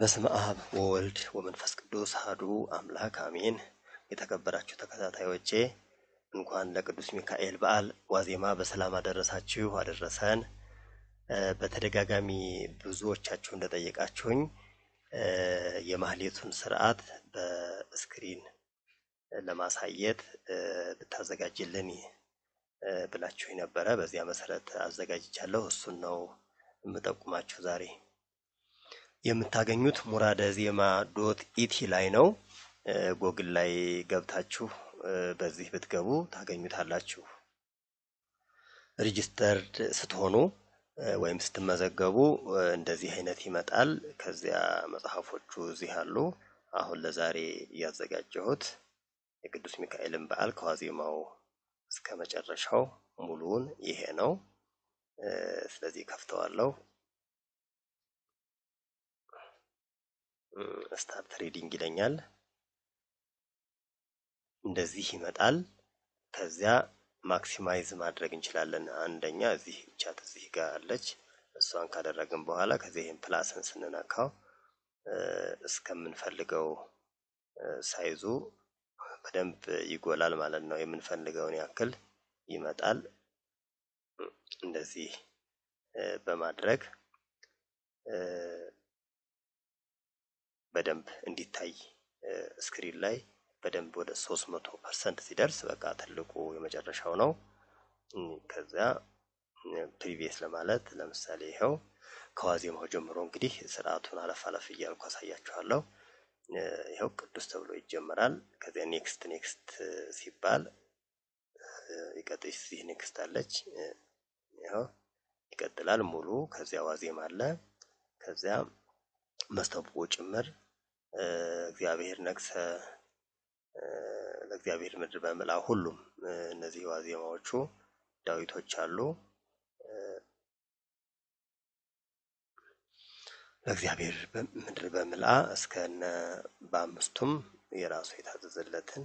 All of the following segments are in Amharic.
በስመ አብ ወወልድ ወመንፈስ ቅዱስ አሐዱ አምላክ አሜን። የተከበራችሁ ተከታታዮቼ እንኳን ለቅዱስ ሚካኤል በዓል ዋዜማ በሰላም አደረሳችሁ አደረሰን። በተደጋጋሚ ብዙዎቻችሁ እንደጠየቃችሁኝ የማህሌቱን ስርዓት በስክሪን ለማሳየት ብታዘጋጅልን ብላችሁ ነበረ። በዚያ መሰረት አዘጋጅቻለሁ። እሱን ነው የምጠቁማችሁ ዛሬ የምታገኙት ሙራደ ዜማ ዶት ኢቲ ላይ ነው። ጎግል ላይ ገብታችሁ በዚህ ብትገቡ ታገኙታላችሁ። ሪጅስተርድ ስትሆኑ ወይም ስትመዘገቡ እንደዚህ አይነት ይመጣል። ከዚያ መጽሐፎቹ እዚህ አሉ። አሁን ለዛሬ ያዘጋጀሁት የቅዱስ ሚካኤልን በዓል ከዋዜማው እስከ መጨረሻው ሙሉውን ይሄ ነው። ስለዚህ ከፍተዋለሁ። ስታርት ትሬዲንግ ይለኛል። እንደዚህ ይመጣል። ከዚያ ማክሲማይዝ ማድረግ እንችላለን። አንደኛ እዚህ ቻት እዚህ ጋር አለች። እሷን ካደረግን በኋላ ከዚህ ይህን ፕላስን ስንነካው እስከምንፈልገው ሳይዙ በደንብ ይጎላል ማለት ነው። የምንፈልገውን ያክል ይመጣል። እንደዚህ በማድረግ በደንብ እንዲታይ ስክሪን ላይ በደንብ ወደ 300 ፐርሰንት ሲደርስ በቃ ትልቁ የመጨረሻው ነው። ከዚያ ፕሪቪየስ ለማለት ለምሳሌ ይኸው ከዋዜማው ጀምሮ እንግዲህ ስርዓቱን አለፍ አለፍ እያልኩ አሳያችኋለሁ። ይኸው ቅዱስ ተብሎ ይጀመራል። ከዚያ ኔክስት ኔክስት ሲባል ይቀጥል እዚህ ኔክስት አለች። ይኸው ይቀጥላል ሙሉ። ከዚያ ዋዜማ አለ። ከዚያ መስተብቆ ጭምር እግዚአብሔር ነግሰ ለእግዚአብሔር ምድር በምላ ሁሉም እነዚህ ዋዜማዎቹ ዳዊቶች አሉ። ለእግዚአብሔር ምድር በምላ እስከነ በአምስቱም የራሱ የታዘዘለትን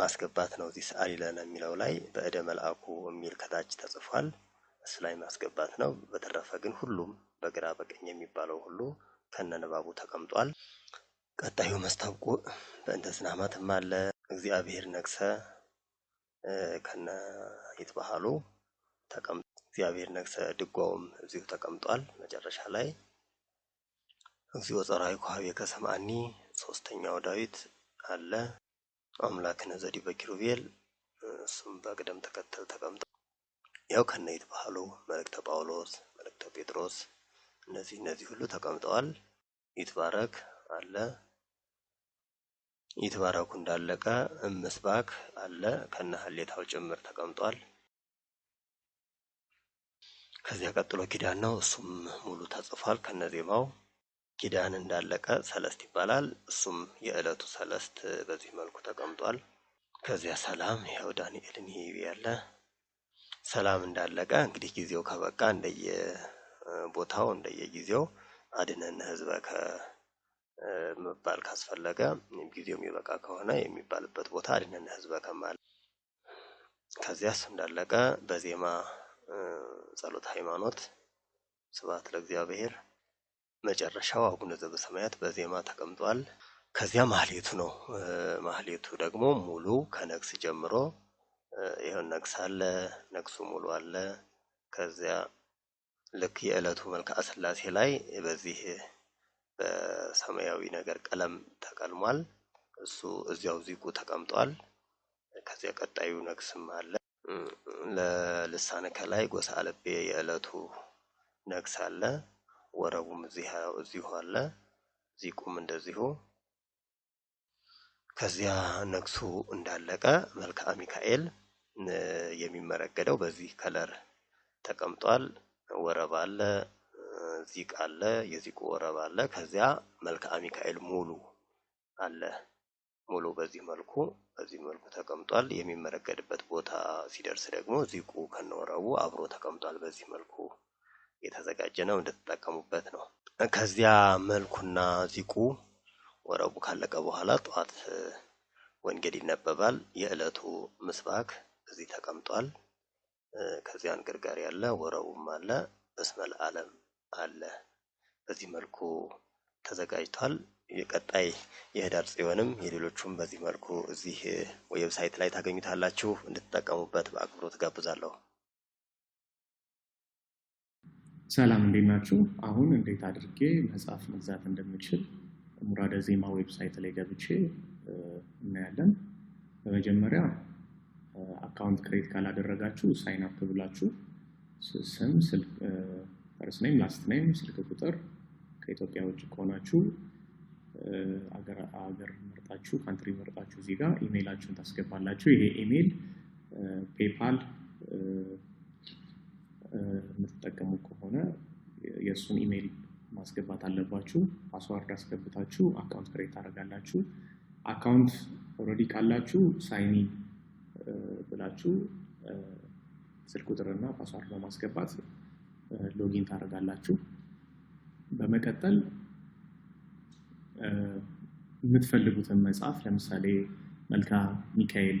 ማስገባት ነው። እዚህ ሰዓሊ ለነ የሚለው ላይ በእደ መልአኩ የሚል ከታች ተጽፏል። እሱ ላይ ማስገባት ነው። በተረፈ ግን ሁሉም በግራ በቀኝ የሚባለው ሁሉ ከነንባቡ ተቀምጧል። ቀጣዩ መስታውቁ በእንተ ዝናማትም አለ እግዚአብሔር ነግሰ ከነ ይትባሃሉ እግዚአብሔር ነግሰ ድጓውም እዚሁ ተቀምጧል። መጨረሻ ላይ እግዚኦ ጸራዊ ከሃቤ ከሰማኒ ሶስተኛው ዳዊት አለ። አምላክነ ዘዲበ በኪሩቤል እሱም በቅደም ተከተል ተቀምጧል። ያው ከነ ይትባሃሉ መልእክተ ጳውሎስ፣ መልእክተ ጴጥሮስ እነዚህ እነዚህ ሁሉ ተቀምጠዋል። ይትባረክ አለ። ይትባረኩ እንዳለቀ እምስባክ አለ ከነ ሀሌታው ጭምር ተቀምጧል። ከዚያ ቀጥሎ ኪዳን ነው። እሱም ሙሉ ተጽፏል ከነ ኪዳን እንዳለቀ ሰለስት ይባላል። እሱም የዕለቱ ሰለስት በዚህ መልኩ ተቀምጧል። ከዚያ ሰላም ያው ዳንኤልን ይሄ ያለ ሰላም እንዳለቀ እንግዲህ ጊዜው ከበቃ እንደየ ቦታው እንደየጊዜው አድነን ህዝበ ከመባል ካስፈለገ ጊዜው የሚበቃ ከሆነ የሚባልበት ቦታ አድነን ህዝበ ከማለ ከዚያስ እንዳለቀ በዜማ ጸሎት ሃይማኖት ስብሐት ለእግዚአብሔር መጨረሻው አቡነ ዘበሰማያት በዜማ ተቀምጧል። ከዚያ ማህሌቱ ነው። ማህሌቱ ደግሞ ሙሉ ከነግስ ጀምሮ ይኸው ነግስ አለ፣ ነግሱ ሙሉ አለ። ከዚያ ልክ የዕለቱ መልክዓ ስላሴ ላይ በዚህ በሰማያዊ ነገር ቀለም ተቀልሟል። እሱ እዚያው ዚቁ ተቀምጧል። ከዚያ ቀጣዩ ነግስም አለ። ለልሳነ ከላይ ጎሳ አለቤ የዕለቱ ነግስ አለ። ወረቡም እዚሁ አለ። ዚቁም እንደዚሁ። ከዚያ ነግሱ እንዳለቀ መልክዓ ሚካኤል የሚመረገደው በዚህ ከለር ተቀምጧል። ወረብ አለ፣ ዚቅ አለ፣ የዚቁ ወረብ አለ። ከዚያ መልክዓ ሚካኤል ሙሉ አለ። ሙሉ በዚህ መልኩ በዚህ መልኩ ተቀምጧል። የሚመረገድበት ቦታ ሲደርስ ደግሞ ዚቁ ከነወረቡ አብሮ ተቀምጧል። በዚህ መልኩ የተዘጋጀ ነው፣ እንደተጠቀሙበት ነው። ከዚያ መልኩና ዚቁ ወረቡ ካለቀ በኋላ ጠዋት ወንጌል ይነበባል። የዕለቱ ምስባክ እዚህ ተቀምጧል። ከዚያ አንቅር አለ፣ ያለ ወረውም አለ በስመል አለም አለ። በዚህ መልኩ ተዘጋጅቷል። የቀጣይ የህዳር ጽዮንም የሌሎቹም በዚህ መልኩ እዚህ ዌብሳይት ላይ ታገኙታላችሁ። እንድትጠቀሙበት በአክብሮት ጋብዛለሁ። ሰላም እንዴት ናችሁ? አሁን እንዴት አድርጌ መጽሐፍ መግዛት እንደምችል ሙራደ ዜማ ዌብሳይት ላይ ገብቼ እናያለን። በመጀመሪያ አካውንት ክሬት ካላደረጋችሁ ሳይን አፕ ብላችሁ ስም፣ ፈርስት ናይም፣ ላስት ናይም፣ ስልክ ቁጥር ከኢትዮጵያ ውጭ ከሆናችሁ አገር መርጣችሁ ካንትሪ መርጣችሁ እዚህ ጋር ኢሜይላችሁን ታስገባላችሁ። ይሄ ኢሜይል ፔፓል የምትጠቀሙ ከሆነ የእሱን ኢሜይል ማስገባት አለባችሁ። ፓስዋርድ አስገብታችሁ አካውንት ክሬት ታደርጋላችሁ። አካውንት ኦልሬዲ ካላችሁ ሳይኒ ብላችሁ ስልክ ቁጥርና ፓስዋርድ በማስገባት ሎጊን ታደርጋላችሁ። በመቀጠል የምትፈልጉትን መጽሐፍ ለምሳሌ መልካ ሚካኤል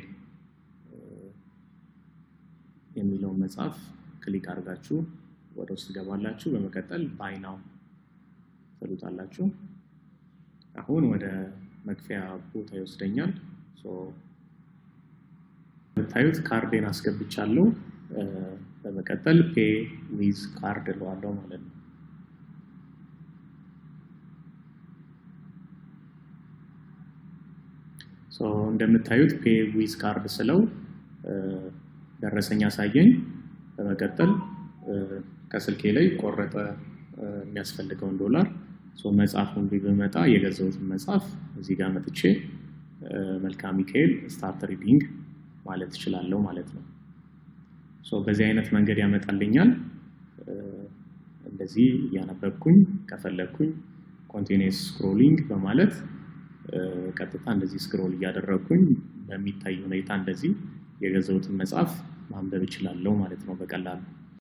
የሚለውን መጽሐፍ ክሊክ አድርጋችሁ ወደ ውስጥ ትገባላችሁ። በመቀጠል ባይናው ትሉታላችሁ። አሁን ወደ መክፈያ ቦታ ይወስደኛል። እንደምታዩት ካርዴን አስገብቻለሁ። በመቀጠል ፔ ዊዝ ካርድ እለዋለሁ ማለት ነው። እንደምታዩት ፔ ዊዝ ካርድ ስለው ደረሰኝ አሳየኝ። በመቀጠል ከስልኬ ላይ ቆረጠ የሚያስፈልገውን ዶላር መጽሐፉን ቢመጣ የገዘውትን መጽሐፍ እዚህ ጋር መጥቼ መልካም ሚካኤል ስታርት ሪዲንግ ማለት እችላለሁ ማለት ነው። በዚህ አይነት መንገድ ያመጣልኛል። እንደዚህ እያነበብኩኝ ከፈለግኩኝ ኮንቲኒስ ስክሮሊንግ በማለት ቀጥታ እንደዚህ ስክሮል እያደረግኩኝ በሚታይ ሁኔታ እንደዚህ የገዘውትን መጽሐፍ ማንበብ እችላለሁ ማለት ነው በቀላሉ።